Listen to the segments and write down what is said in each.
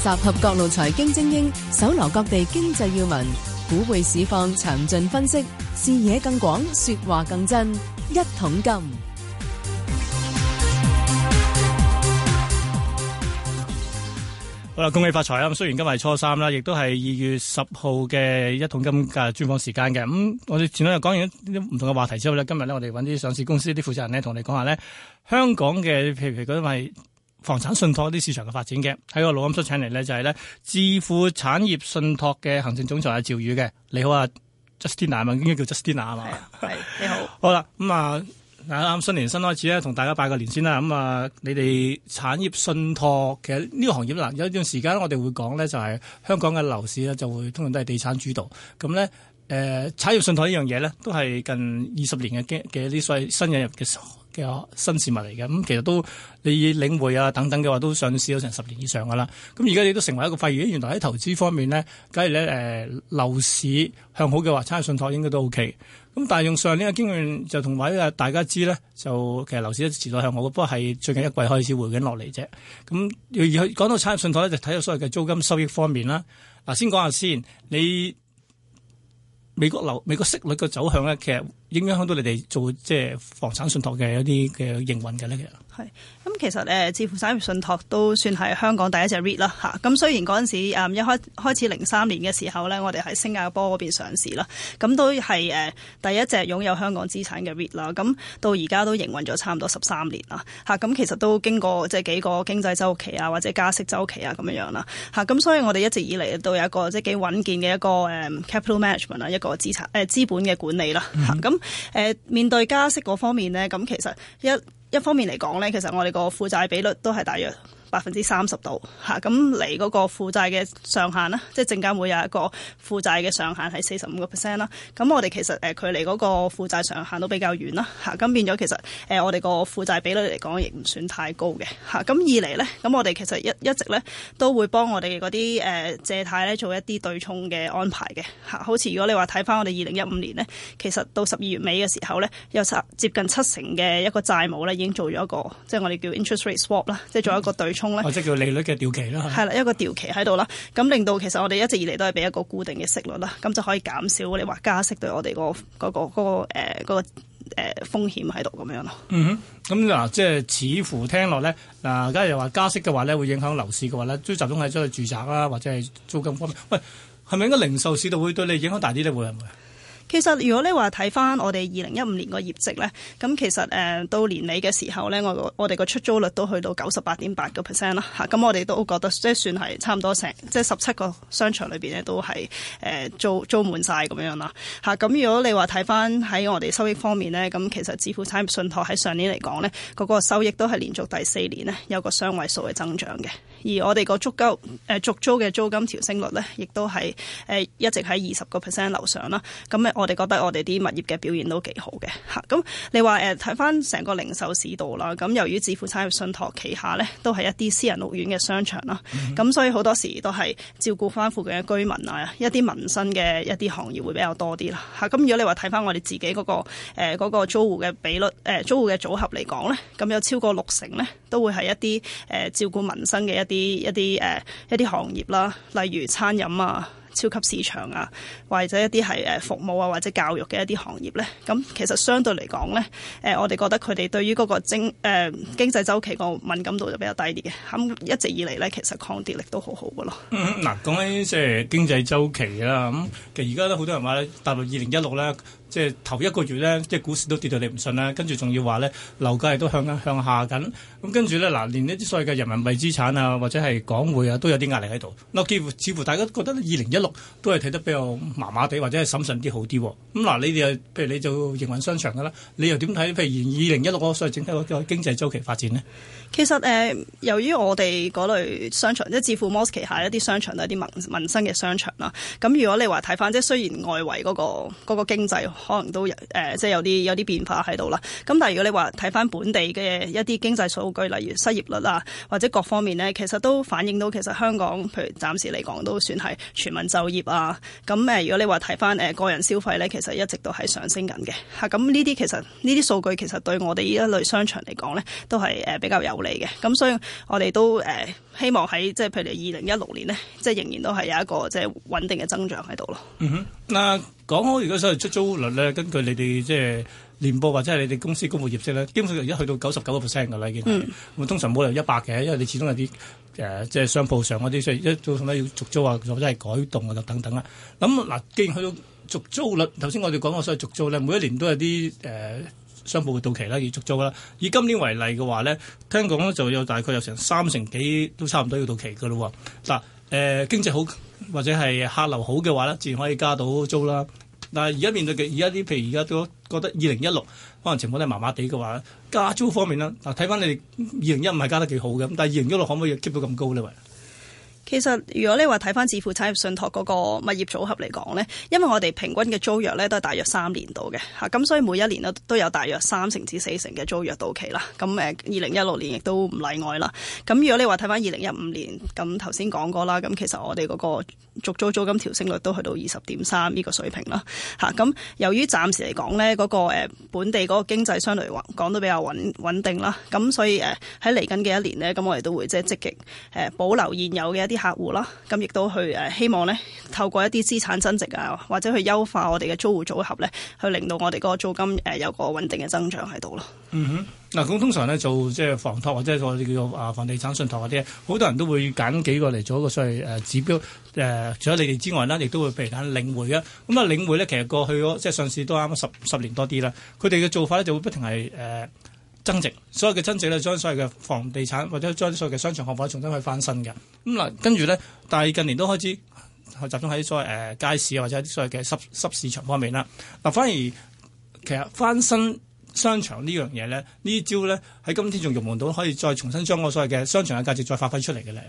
集合各路財經精英，搜羅各地經濟要聞，股匯市況詳盡分析，視野更廣，說話更真。一桶金，好啦，恭喜發財啊！咁雖然今日係初三啦，亦都係二月十號嘅一桶金嘅專訪時間嘅。咁我哋前兩日講完唔同嘅話題之後咧，今日咧我哋揾啲上市公司啲負責人咧同你講下咧，香港嘅譬如譬如嗰啲咪。房產信託啲市場嘅發展嘅，喺我錄音室請嚟呢，就係呢置富產業信託嘅行政總裁係趙宇嘅，你好啊，Justina，我應該叫 Justina 係嘛？你好。好啦，咁、嗯、啊，啱新年新開始咧，同大家拜個年先啦。咁、嗯、啊，你哋產業信託其實呢個行業嗱，有一段時間我哋會講呢，就係、是、香港嘅樓市呢，就會通常都係地產主導，咁、嗯、呢，誒、啊、產業信託呢樣嘢呢，都係近二十年嘅嘅所謂新引入嘅時候嘅新事物嚟嘅，咁其實都你領匯啊等等嘅話，都上市咗成十年以上噶啦。咁而家你都成為一個廢業，原來喺投資方面呢，假如咧，誒樓市向好嘅話，產業信託應該都 OK。咁但係用上年嘅經驗，就同埋啊大家知呢，就其實樓市一直嚟向好嘅，不過係最近一季開始回緊落嚟啫。咁而去講到產業信託咧，就睇到所謂嘅租金收益方面啦。嗱，先講下先，你美國樓美國息率嘅走向呢，其實。影響到你哋做即係房產信託嘅一啲嘅營運嘅咧，其實係咁。其實誒，置富產業信託都算係香港第一隻 REIT 啦，嚇。咁雖然嗰陣時一開開始零三年嘅時候咧，我哋喺新加坡嗰邊上市啦，咁都係誒第一隻擁有香港資產嘅 REIT 啦。咁到而家都營運咗差唔多十三年啦，嚇。咁其實都經過即係幾個經濟周期啊，或者加息周期啊咁樣樣啦，嚇。咁所以我哋一直以嚟都有一個即係幾穩健嘅一個誒 capital management 啊，一個資產誒資本嘅管理啦，嚇咁、嗯。嗯誒面對加息嗰方面咧，咁其實一一方面嚟講咧，其實我哋個負債比率都係大約，百分之三十度吓，咁嚟嗰個負債嘅上限啦，即係證監會有一個負債嘅上限係四十五個 percent 啦。咁我哋其實誒距離嗰個負債上限都比較遠啦吓，咁變咗其實誒我哋個負債比率嚟講亦唔算太高嘅吓。咁二嚟咧，咁我哋其實一一直咧都會幫我哋嗰啲誒借貸咧做一啲對沖嘅安排嘅吓，好似如果你話睇翻我哋二零一五年咧，其實到十二月尾嘅時候咧，有接近七成嘅一個債務咧已經做咗一個即係我哋叫 interest rate swap 啦，即係做一個對。嗯或者叫利率嘅掉期啦，係啦 一個調期喺度啦，咁令到其實我哋一直以嚟都係俾一個固定嘅息率啦，咁就可以減少你話加息對我哋、嗰個嗰、嗰個嗰、嗰個誒嗰、嗰個呃嗰個風險喺度咁樣咯。嗯哼，咁嗱，即係似乎聽落咧嗱，假如話加息嘅話咧，會影響樓市嘅話咧，都集中喺咗去住宅啦，或者係租金方面。喂，係咪應該零售市道會對你影響大啲咧？會唔會？其實，如果你話睇翻我哋二零一五年個業績呢，咁其實誒到年尾嘅時候呢，我我哋個出租率都去到九十八點八個 percent 啦嚇。咁我哋都覺得即係算係差唔多成即係十七個商場裏邊咧都係誒租租滿晒咁樣啦嚇。咁如果你話睇翻喺我哋收益方面呢，咁其實置富產業信託喺上年嚟講呢，嗰個收益都係連續第四年呢，有個雙位數嘅增長嘅。而我哋個足夠誒續租嘅租金調升率呢，亦都係誒一直喺二十個 percent 樓上啦。咁、嗯、咧，我哋覺得我哋啲物業嘅表現都幾好嘅嚇。咁、嗯、你話誒睇翻成個零售市道啦，咁、嗯、由於置富產業信託旗下呢，都係一啲私人屋苑嘅商場啦，咁、嗯、所以好多時都係照顧翻附近嘅居民啊，一啲民生嘅一啲行業會比較多啲啦嚇。咁、嗯、如果你話睇翻我哋自己嗰、那個誒、呃、租戶嘅比率誒、呃、租戶嘅組合嚟講呢，咁、嗯嗯、有超過六成呢，都會係一啲誒照顧民生嘅一啲一啲誒一啲、呃、行業啦，例如餐飲啊、超級市場啊，或者一啲係誒服務啊，或者教育嘅一啲行業咧。咁、嗯、其實相對嚟講咧，誒、呃、我哋覺得佢哋對於嗰個經誒、呃、經濟週期個敏感度就比較低啲嘅。咁一直以嚟咧，其實抗跌力都好好嘅咯。嗱、嗯，講緊即係經濟周期啦。咁其實而家都好多人話大陸二零一六咧。即係頭一個月咧，即係股市都跌到你唔信啦，跟住仲要話咧，樓價亦都向向下緊。咁跟住咧，嗱，連呢啲所謂嘅人民幣資產啊，或者係港匯啊，都有啲壓力喺度。嗱，幾乎似乎大家覺得二零一六都係睇得比較麻麻地，或者係審慎啲好啲，啊。咁、嗯、嗱、啊，你哋啊，譬如你做營運商場噶啦，你又點睇？譬如二零一六嗰個所謂整體個經濟周期發展呢？其實誒、呃，由於我哋嗰類商場，即係置富 Malls 旗下一啲商場都係啲民民生嘅商場啦。咁如果你話睇翻，即係雖然外圍嗰個、嗰個、嗰個經濟，可能都有誒、呃，即係有啲有啲變化喺度啦。咁但係如果你話睇翻本地嘅一啲經濟數據，例如失業率啊，或者各方面呢，其實都反映到其實香港，譬如暫時嚟講都算係全民就業啊。咁誒，如果你話睇翻誒個人消費呢，其實一直都係上升緊嘅。嚇、啊，咁呢啲其實呢啲數據其實對我哋呢一類商場嚟講呢，都係誒比較有利嘅。咁所以我哋都誒。呃希望喺即係譬如二零一六年呢，即係仍然都係有一個即係穩定嘅增長喺度咯。嗯哼，嗱，講開如果所謂出租，租率呢，根據你哋即係年報或者係你哋公司公佈業績呢，基本上而家去到九十九個 percent 噶啦，已經。嗯。咁通常冇理由一百嘅，因為你始終有啲誒即係商鋪上嗰啲所以一做咩、呃呃、要續租啊，或者係改動啊等等啦。咁、啊、嗱，既然去到續租率，頭先我哋講過所謂續租呢，每一年都有啲誒。呃商鋪會到期啦，要續租啦。以今年為例嘅話咧，聽講咧就有大概有成三成幾都差唔多要到期㗎咯。嗱，誒、呃、經濟好或者係客流好嘅話咧，自然可以加到租啦。但係而家面對嘅而家啲譬如而家都覺得二零一六可能情況都係麻麻地嘅話，加租方面啦，嗱睇翻你哋二零一五係加得幾好嘅，但係二零一六可唔可以 keep 到咁高咧？其實如果你話睇翻置富產業信託嗰個物業組合嚟講呢，因為我哋平均嘅租約咧都係大約三年度嘅嚇，咁所以每一年咧都有大約三成至四成嘅租約到期啦。咁誒，二零一六年亦都唔例外啦。咁如果你話睇翻二零一五年，咁頭先講過啦，咁其實我哋嗰個續租租金調升率都去到二十點三呢個水平啦。嚇，咁由於暫時嚟講呢嗰個本地嗰個經濟相對講都比較穩穩定啦。咁所以誒喺嚟緊嘅一年呢，咁我哋都會即係積極誒保留現有嘅一啲。客戶啦，咁亦都去誒希望呢透過一啲資產增值啊，或者去優化我哋嘅租戶組合呢，去令到我哋嗰個租金誒有個穩定嘅增長喺度咯。嗯哼，嗱、啊，咁通常呢，做即係房託，或者我哋叫做啊房地產信託嗰啲，好多人都會揀幾個嚟做一個所謂、呃、指標。誒、呃，除咗你哋之外呢，亦都會譬如揀領匯啊。咁、嗯、啊、呃，領匯呢，其實過去嗰即係上市都啱十十年多啲啦。佢哋嘅做法呢，就會不停係誒。呃增值，所有嘅增值咧，將所有嘅房地產或者將所有嘅商場、學房重新去翻新嘅。咁、嗯、嗱，跟住咧，但係近年都開始集中喺所謂誒、呃、街市或者啲所謂嘅濕濕市場方面啦。嗱、呃，反而其實翻新。商場呢樣嘢呢，呢招呢，喺今天仲用唔到，可以再重新將我所謂嘅商場嘅價值再發揮出嚟嘅咧。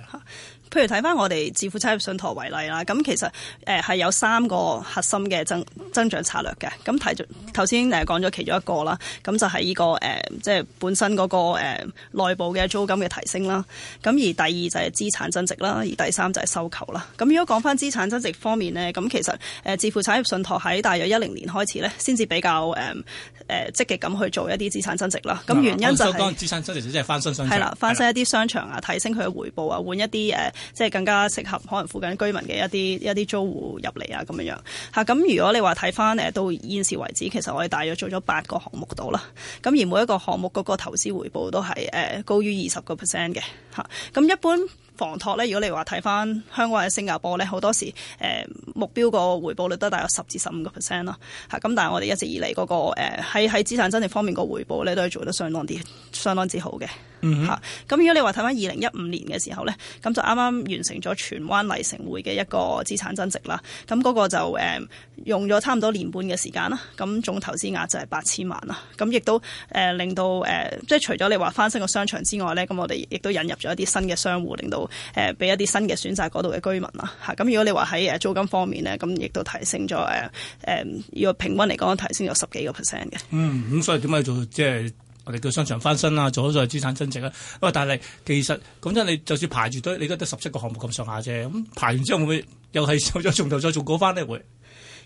譬如睇翻我哋置富產業信託為例啦，咁其實誒係有三個核心嘅增增長策略嘅。咁睇住頭先誒講咗其中一個啦，咁就係呢個誒即係本身嗰個誒內部嘅租金嘅提升啦。咁而第二就係資產增值啦，而第三就係收購啦。咁如果講翻資產增值方面呢，咁其實誒置富產業信託喺大約一零年開始呢，先至比較誒誒積極咁去做一啲資產增值啦，咁、嗯、原因就當然、是嗯、資產增值即係翻新商場，啦翻新一啲商場啊，啦提升佢嘅回報啊，換一啲誒，即係更加適合可能附近居民嘅一啲一啲租戶入嚟啊，咁樣樣嚇。咁如果你話睇翻誒到現時為止，其實我哋大約做咗八個項目度啦，咁而每一個項目個個投資回報都係誒高於二十個 percent 嘅嚇。咁、啊、一般。房託咧，如果你話睇翻香港或者新加坡咧，好多時誒目標個回報率都大約十至十五個 percent 咯。嚇，咁但係我哋一直以嚟嗰、嗰個喺喺資產增值方面個回報咧，都係做得相當啲，相當之好嘅。嗯咁如果你話睇翻二零一五年嘅時候咧，咁就啱啱完成咗荃灣麗城薈嘅一個資產增值啦。咁、那、嗰個就誒、呃、用咗差唔多年半嘅時間啦。咁總投資額就係八千萬啦。咁亦都誒、呃、令到誒、呃、即係除咗你話翻新個商場之外咧，咁我哋亦都引入咗一啲新嘅商戶，令到誒俾、呃、一啲新嘅選擇嗰度嘅居民啦。嚇、啊，咁如果你話喺誒租金方面咧，咁亦都提升咗誒誒要平均嚟講提升咗十幾個 percent 嘅、嗯。嗯，咁所以點解做即係？我哋叫商場翻身啊，做咗再資產增值啊。啦。喂，但係其實講真，你就算排住隊，你都得十七個項目咁上下啫。咁排完之後會唔會又係再從頭再做嗰翻咧？會？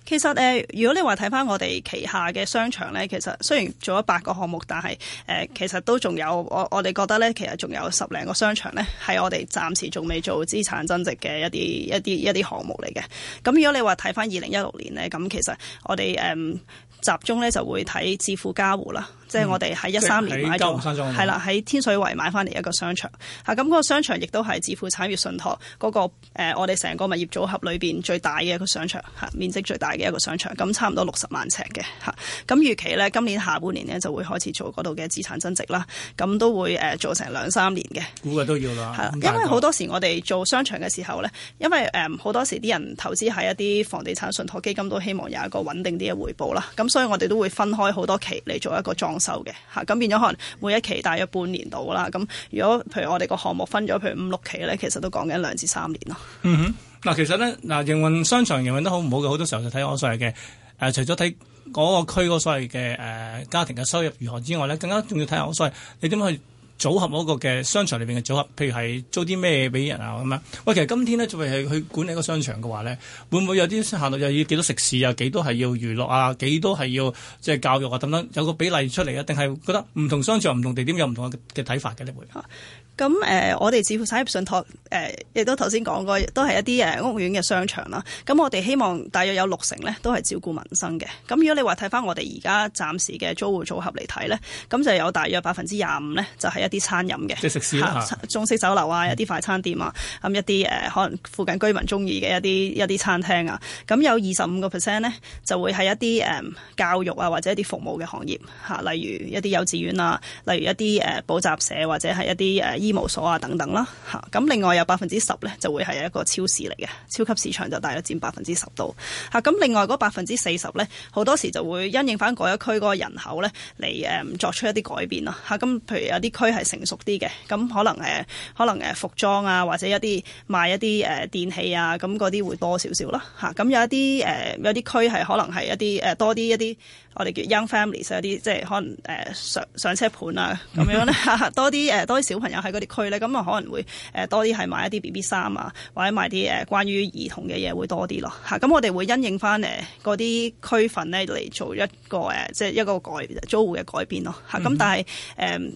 其實誒、呃，如果你話睇翻我哋旗下嘅商場呢，其實雖然做咗八個項目，但係誒、呃、其實都仲有我我哋覺得呢，其實仲有十零個商場呢，係我哋暫時仲未做資產增值嘅一啲一啲一啲項目嚟嘅。咁如果你話睇翻二零一六年呢，咁其實我哋誒、嗯、集中呢，就會睇置富嘉湖啦，嗯、即係我哋喺一三年買咗，係啦喺天水圍買翻嚟一個商場嚇。咁、啊、那個商場亦都係置富產業信託嗰、那個、啊、我哋成個物業組合裏邊最大嘅一個商場嚇，面積最大。嗯嗯嘅一個商場咁差唔多六十萬呎嘅嚇，咁、啊、預期咧今年下半年咧就會開始做嗰度嘅資產增值啦，咁、啊、都會誒做成兩三年嘅，估計都要啦。係啦，因為好、嗯、多時我哋做商場嘅時候咧，因為誒好多時啲人投資喺一啲房地產信託基金，都希望有一個穩定啲嘅回報啦。咁、啊、所以我哋都會分開好多期嚟做一個裝修嘅嚇，咁、啊、變咗可能每一期大約半年到啦。咁、啊、如果譬如我哋個項目分咗譬如五六期咧，其實都講緊兩至三年咯。嗯哼。嗱、啊，其實咧，嗱、啊，營運商場營運得好唔好嘅，好多時候就睇我所謂嘅，誒、呃，除咗睇嗰個區嗰所謂嘅誒、呃、家庭嘅收入如何之外咧，更加仲要睇下我所謂你點去組合嗰個嘅商場裏邊嘅組合，譬如係租啲咩俾人啊咁樣。喂，其實今天呢，作為係去管理個商場嘅話咧，會唔會有啲下落又要幾多食肆啊，幾多係要娛樂啊，幾多係要即係教育啊等等，有個比例出嚟啊？定係覺得唔同商場、唔同地點有唔同嘅睇法嘅你會嚇？啊咁誒、嗯，我哋置富產業信託誒、呃，亦都頭先講過，都係一啲誒屋苑嘅商場啦。咁、嗯、我哋希望大約有六成咧，都係照顧民生嘅。咁、嗯嗯、如果你話睇翻我哋而家暫時嘅租戶組合嚟睇咧，咁就有大約百分之廿五咧，就係一啲餐飲嘅，即係食肆啦嚇，中式酒樓、嗯、啊，一啲快餐店啊，咁一啲誒可能附近居民中意嘅一啲一啲餐廳啊。咁、嗯嗯嗯、有二十五個 percent 咧，就會係一啲誒、嗯、教育啊，或者一啲服務嘅行業，嚇，例如一啲幼稚園啊，例如一啲誒補習社、嗯嗯、或者係一啲誒。嗯醫務所啊，等等啦，嚇，咁另外有百分之十呢就會係一個超市嚟嘅，超級市場就大約佔百分之十到嚇。咁。另外嗰百分之四十呢，好多時就會因應翻嗰一區嗰個人口呢嚟誒，作出一啲改變咯嚇。咁譬如有啲區係成熟啲嘅，咁可能誒可能誒服裝啊，或者一啲賣一啲誒電器啊，咁嗰啲會多少少啦嚇。咁有一啲誒有啲區係可能係一啲誒多啲一啲。我哋叫 young families 有啲即係可能誒、呃、上上車盤啊，咁樣咧、 呃，多啲誒多啲小朋友喺嗰啲區咧，咁啊可能會誒、呃、多啲係買一啲 B B 衫啊，或者買啲誒、呃、關於兒童嘅嘢會多啲咯嚇。咁、啊、我哋會因應翻誒嗰啲區份咧嚟做一個誒、呃、即係一個改租戶嘅改變咯嚇。咁 但係誒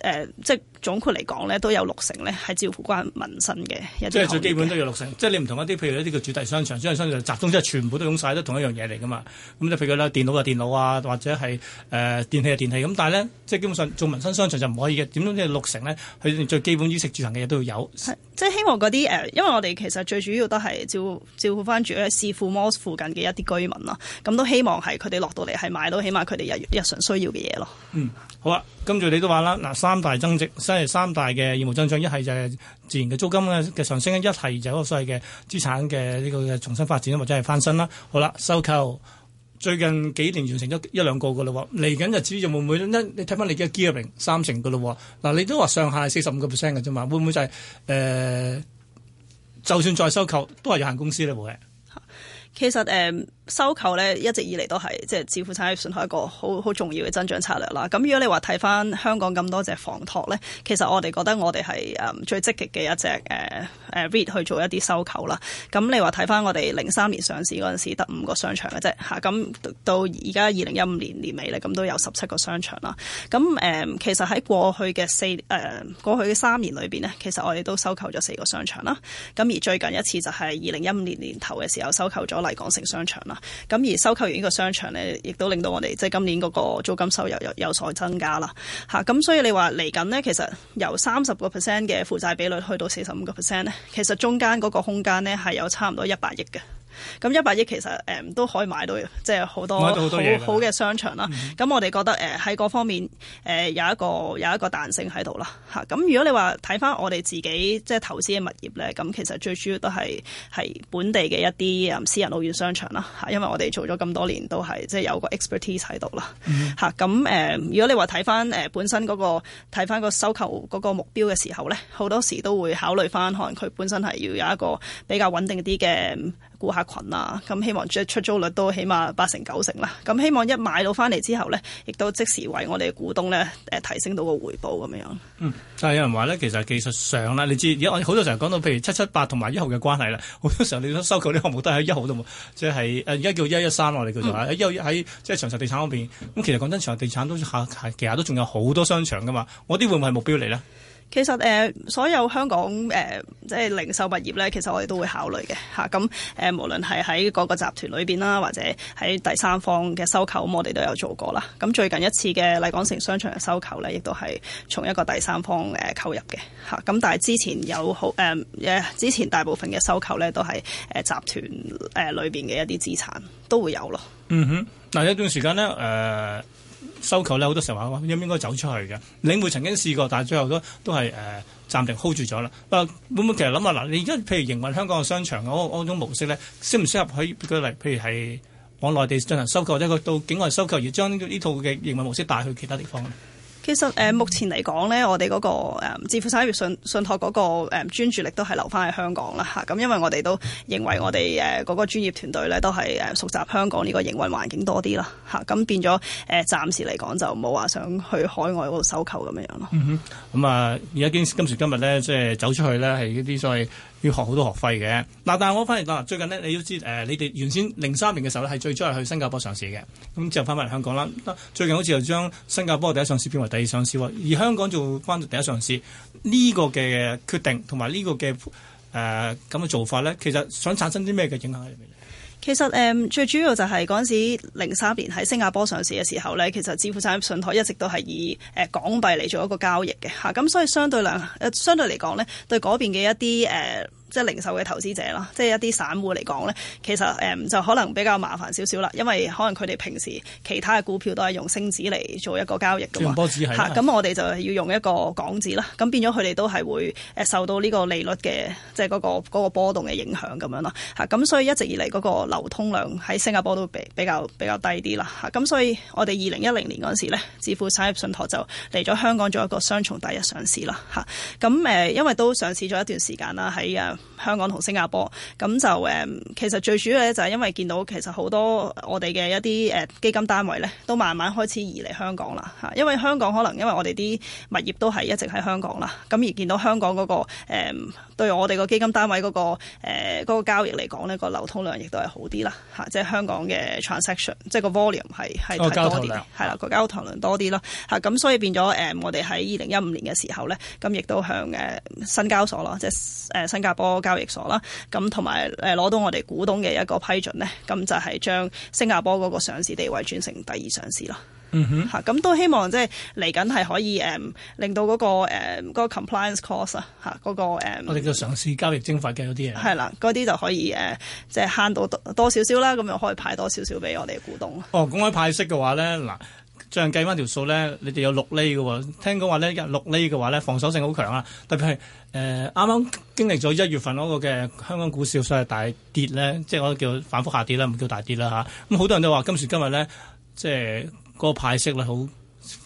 誒即係。總括嚟講咧，都有六成咧係照顧翻民生嘅。即係最基本都有六成，即係你唔同一啲，譬如一啲叫主題商場、主題商場集中，即係全部都用晒都同一樣嘢嚟噶嘛。咁即譬如啦，電腦就電腦啊，或者係誒、呃、電器就電器。咁但係咧，即係基本上做民生商場就唔可以嘅。點樣即係六成咧，佢最基本衣食住行嘅嘢都要有。係，即係希望嗰啲誒，因為我哋其實最主要都係照照顧翻住咧置富 Mall 附近嘅一啲居民咯。咁都希望係佢哋落到嚟係買到，起碼佢哋日日常需要嘅嘢咯。嗯，好啊。跟住你都話啦，嗱，三大增值。係三大嘅業務增長，一係就係自然嘅租金嘅嘅上升，一係就嗰個所謂嘅資產嘅呢個嘅重新發展或者係翻新啦。好啦，收購最近幾年完成咗一一兩個噶啦，嚟緊就至於會唔會咧？你睇翻你嘅 gearing 三成噶啦，嗱你都話上下係四十五個 percent 嘅啫嘛，會唔會就係、是、誒、呃，就算再收購都係有限公司咧？冇嘅。其實誒。呃收購咧一直以嚟都係即係置富產業算係一個好好重要嘅增長策略啦。咁如果你話睇翻香港咁多隻房託，咧、啊啊嗯啊啊啊，其實我哋覺得我哋係誒最積極嘅一隻誒誒 REIT 去做一啲收購啦。咁你話睇翻我哋零三年上市嗰陣時得五個商場嘅啫嚇，咁到而家二零一五年年尾咧，咁都有十七個商場啦。咁誒其實喺過去嘅四誒過去嘅三年裏邊呢，其實我哋都收購咗四個商場啦。咁而最近一次就係二零一五年年頭嘅時候收購咗麗港城商場啦。咁而收購完呢個商場呢，亦都令到我哋即係今年嗰個租金收入有有所增加啦。吓、啊、咁所以你話嚟緊呢，其實由三十個 percent 嘅負債比率去到四十五個 percent 呢，其實中間嗰個空間呢，係有差唔多一百億嘅。咁一百億其實誒、嗯、都可以買到，即係好多好好嘅商場啦。咁、嗯、哼我哋覺得誒喺嗰方面誒、呃、有一個有一個彈性喺度啦嚇。咁、啊、如果你話睇翻我哋自己即係投資嘅物業咧，咁、啊、其實最主要都係係本地嘅一啲私人屋苑商場啦嚇、啊，因為我哋做咗咁多年都係即係有個 expertise 喺度啦嚇。咁誒、嗯哼啊，如果你話睇翻誒本身嗰、那個睇翻個收購嗰個目標嘅時候咧，好多時都會考慮翻，可能佢本身係要有一個比較穩定啲嘅顧客群啊，咁希望即係出租率都起碼八成九成啦、啊。咁希望一買到翻嚟之後咧，亦都即時為我哋嘅股東咧誒、呃、提升到個回報咁樣。嗯，但係有人話咧，其實技術上啦、啊，你知而家好多時候講到譬如七七八同埋一號嘅關係啦，好多時候你都收購呢項目都喺一號度，即係誒而家叫一一三，我哋叫做啊，一號喺即係長實地產嗰邊。咁其實講真，長實地產都下下其實都仲有好多商場噶嘛，我啲會唔會係目標嚟呢？其實誒、呃、所有香港誒、呃、即係零售物業咧，其實我哋都會考慮嘅嚇。咁、啊、誒無論係喺個個集團裏邊啦，或者喺第三方嘅收購，我哋都有做過啦。咁、啊、最近一次嘅麗港城商場嘅收購咧，亦都係從一個第三方誒、啊、購入嘅嚇。咁、啊、但係之前有好誒誒、啊，之前大部分嘅收購咧都係誒集團誒裏邊嘅一啲資產都會有咯。嗯哼，嗱，一段時間咧誒。呃收購咧好多時候話話應唔應該走出去嘅，你會曾經試過，但係最後都都係誒暫停 hold 住咗啦。誒、啊、會唔會其實諗下嗱，你而家譬如營運香港嘅商場嗰嗰種模式咧，適唔適合喺舉例？譬如係往內地進行收購，或者佢到境外收購，而將呢套嘅營運模式帶去其他地方咧？其實誒目前嚟講咧，我哋嗰個誒置富產業信信託嗰個誒專注力都係留翻喺香港啦嚇，咁因為我哋都認為我哋誒嗰個專業團隊咧都係誒熟習香港呢個營運環境多啲啦嚇，咁變咗誒暫時嚟講就冇話想去海外嗰度收購咁樣樣咯。嗯哼，咁啊而家今今時今日咧，即係走出去咧係呢啲所謂。要學好多學費嘅嗱、啊，但係我反而講最近咧，你都知誒、呃，你哋原先零三年嘅時候咧，係最初係去新加坡上市嘅，咁之後翻翻嚟香港啦。最近好似又將新加坡第一上市變為第二上市喎，而香港做翻第一上市呢個嘅決定同埋呢個嘅誒咁嘅做法呢，其實想產生啲咩嘅影響喺入面咧？其實誒、嗯、最主要就係嗰陣時零三年喺新加坡上市嘅時候咧，其實置富產業信託一直都係以誒、呃、港幣嚟做一個交易嘅，咁、嗯、所以相對量相對嚟講咧，對嗰邊嘅一啲誒。呃即係零售嘅投資者啦，即係一啲散戶嚟講咧，其實誒、嗯、就可能比較麻煩少少啦，因為可能佢哋平時其他嘅股票都係用星紙嚟做一個交易㗎嘛，嚇，咁、啊、我哋就要用一個港紙啦，咁變咗佢哋都係會誒受到呢個利率嘅即係嗰個波動嘅影響咁樣咯，嚇、啊，咁所以一直以嚟嗰個流通量喺新加坡都比比較比較低啲啦，嚇、啊，咁、啊、所以我哋二零一零年嗰陣時咧，置富產業信託就嚟咗香港做一個雙重第一上市啦，嚇、啊，咁、啊、誒因為都上市咗一段時間啦，喺誒。啊香港同新加坡咁就誒，其實最主要咧就係因為見到其實好多我哋嘅一啲誒基金單位咧，都慢慢開始移嚟香港啦吓，因為香港可能因為我哋啲物業都係一直喺香港啦，咁而見到香港嗰個誒對我哋個基金單位嗰個誒嗰個交易嚟講咧，個流通量亦都係好啲啦吓，即係香港嘅 transaction，即係個 volume 係係、哦、多啲，係啦個交投量多啲啦吓，咁所以變咗誒我哋喺二零一五年嘅時候咧，咁亦都向誒新交所咯，即係誒新加坡。交易所啦，咁同埋誒，攞到我哋股東嘅一個批准咧，咁就係將新加坡嗰個上市地位轉成第二上市啦。嗯哼，吓咁、啊、都希望即係嚟緊係可以誒、嗯，令到嗰、那個誒，嗯那個 compliance cost 啊，吓、那、嗰個誒，嗯、我哋嘅上市交易徵費嘅嗰啲嘢，係啦，嗰啲就可以誒，即係慳到多少少啦，咁又可以派多少少俾我哋股東。哦，咁喺派息嘅話咧嗱。上計翻條數咧，你哋有六厘嘅喎、哦。聽講話，日六厘嘅話咧，防守性好強啊。特別係誒啱啱經歷咗一月份嗰個嘅香港股市嘅大跌咧，即係我都叫反覆下跌啦，唔叫大跌啦吓，咁、啊、好、嗯、多人都話今時今日咧，即係嗰、那個派息咧，好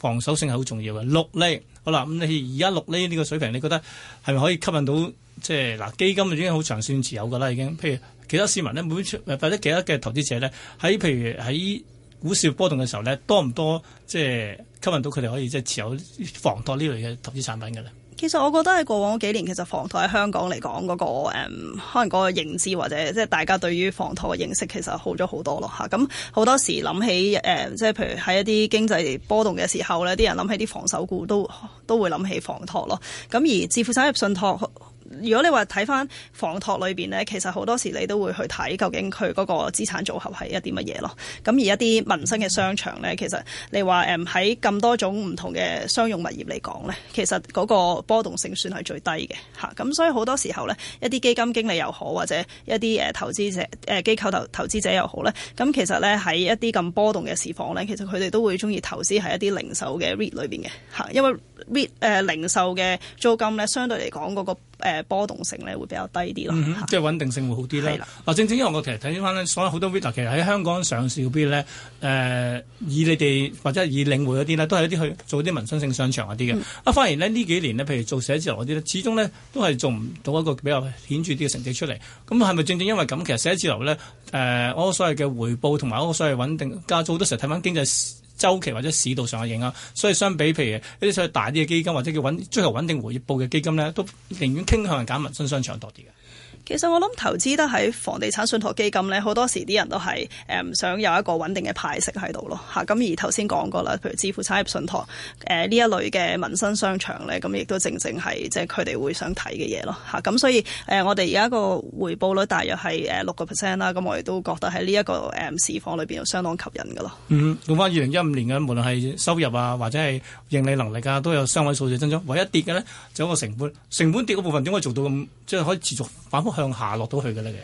防守性係好重要嘅。六厘好啦，咁你而家六厘呢個水平，你覺得係咪可以吸引到即係嗱基金已經好長線持有嘅啦，已經。譬如其他市民呢，每或者其他嘅投資者呢，喺譬如喺。股市波動嘅時候咧，多唔多即係吸引到佢哋可以即係持有房託呢類嘅投資產品嘅咧？其實我覺得喺過往嗰幾年，其實房託喺香港嚟講嗰個、嗯、可能嗰個認知或者即係大家對於房託嘅認識其實好咗好多咯嚇。咁、嗯、好多時諗起誒，即、嗯、係譬如喺一啲經濟波動嘅時候咧，啲人諗起啲防守股都都會諗起房託咯。咁、嗯、而置富產業信託。如果你話睇翻房託裏邊呢，其實好多時你都會去睇究竟佢嗰個資產組合係一啲乜嘢咯。咁而一啲民生嘅商場呢，其實你話誒喺咁多種唔同嘅商用物業嚟講呢，其實嗰個波動性算係最低嘅嚇。咁所以好多時候呢，一啲基金經理又好，或者一啲誒投資者誒機構投投資者又好呢，咁其實呢，喺一啲咁波動嘅市況呢，其實佢哋都會中意投資喺一啲零售嘅 REIT 裏邊嘅嚇，因為。r、呃、零售嘅租金呢，相對嚟講嗰個、呃、波動性呢會比較低啲咯、嗯，即係穩定性會好啲咧。嗱的，正正因為我其實睇翻所有好多 REIT 啊，其實喺香港上市嘅 REIT，誒以你哋或者以領匯嗰啲呢，都係一啲去做啲民生性商場嗰啲嘅。啊、嗯，反而呢，呢幾年呢，譬如做寫字樓嗰啲呢，始終呢都係做唔到一個比較顯著啲嘅成績出嚟。咁係咪正正因為咁？其實寫字樓呢，誒、呃、我所謂嘅回報同埋我所謂穩定，加上好多時候睇翻經濟。周期或者市道上嘅影響，所以相比譬如一啲再大啲嘅基金，或者叫穩追求穩定回報嘅基金咧，都寧願傾向揀民生商場多啲嘅。其實我諗投資得喺房地產信託基金咧，好多時啲人都係誒唔想有一個穩定嘅派息喺度咯嚇。咁、啊、而頭先講過啦，譬如置富產業信託誒呢、啊、一類嘅民生商場咧，咁、啊、亦都正正係即係佢哋會想睇嘅嘢咯嚇。咁、啊啊、所以誒、啊，我哋而家個回報率大約係誒六個 percent 啦。咁、啊、我哋都覺得喺呢一個誒、啊、市況裏邊相當吸引噶咯。用講翻二零一五年嘅，無論係收入啊，或者係盈利能力啊，都有雙位數字增長。唯一跌嘅咧就一個成本，成本跌嗰部分點解做到咁即係可以持續反覆？上下落到去嘅咧，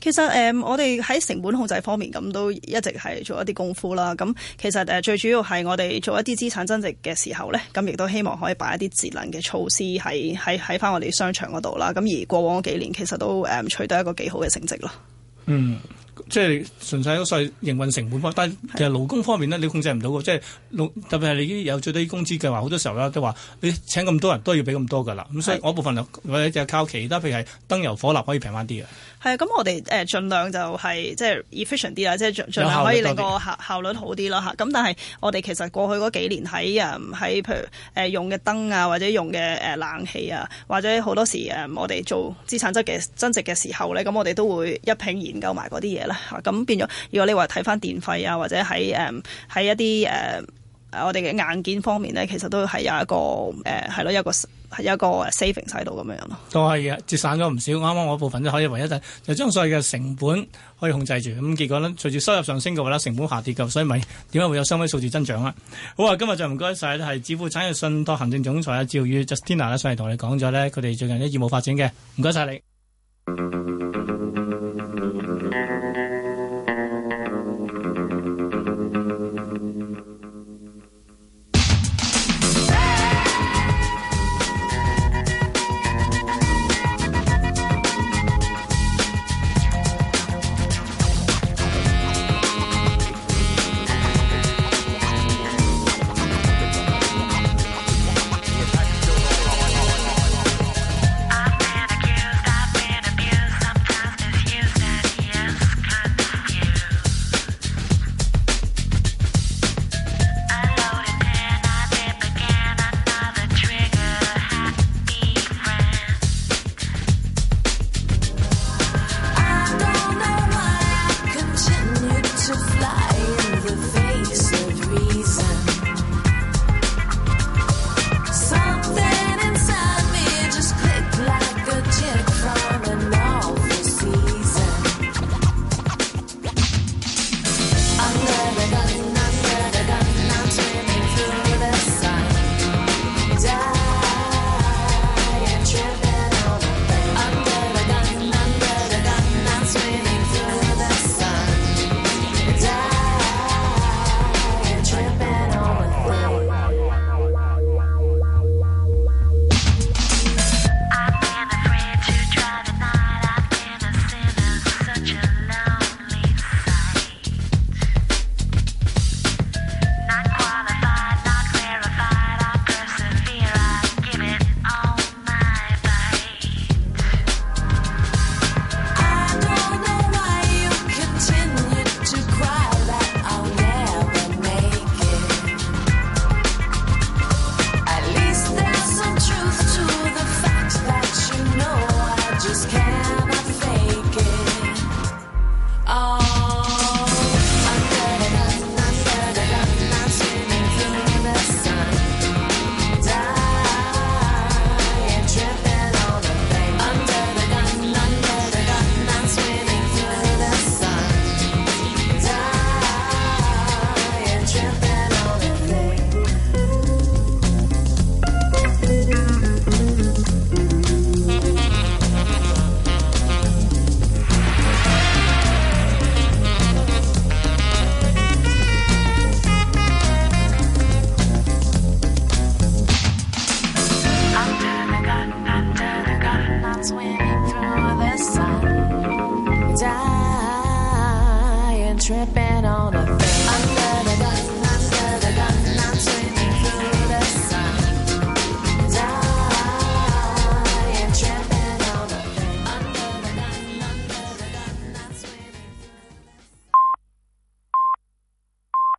其實誒、嗯，我哋喺成本控制方面咁都一直係做一啲功夫啦。咁其實誒，最主要係我哋做一啲資產增值嘅時候咧，咁亦都希望可以擺一啲節能嘅措施喺喺喺翻我哋商場嗰度啦。咁而過往嗰幾年，其實都誒、嗯、取得一個幾好嘅成績啦。嗯。即係純粹一喺營運成本方，但係其實勞工方面呢，你控制唔到嘅。即係特別係你依啲有最低工資嘅話，好多時候咧，都話你請咁多人都要俾咁多㗎啦。咁是所以我部分就或者就靠其他，譬如係燈油火蠟可以平翻啲嘅。係，咁我哋誒盡量就係即係 efficient 啲啊，即係盡盡量可以令個效率效率好啲咯嚇。咁但係我哋其實過去嗰幾年喺誒喺譬如誒用嘅燈啊，或者用嘅誒冷氣啊，或者好多時誒我哋做資產質嘅增值嘅時候咧，咁我哋都會一併研究埋嗰啲嘢啦嚇。咁變咗，如果你話睇翻電費啊，或者喺誒喺一啲誒我哋嘅硬件方面咧，其實都係有一個誒係咯有一個。係一個 saving 喺度咁樣咯，都係嘅，節省咗唔少。啱啱我部分都可以唯一就將所有嘅成本可以控制住。咁結果呢，隨住收入上升嘅話咧，成本下跌嘅，所以咪點解會有雙位數字增長啊？好啊，今日就唔該曬，係置富產業信託行政總裁啊趙宇 Justina 啊，上嚟同你講咗呢，佢哋最近啲業務發展嘅，唔該晒你。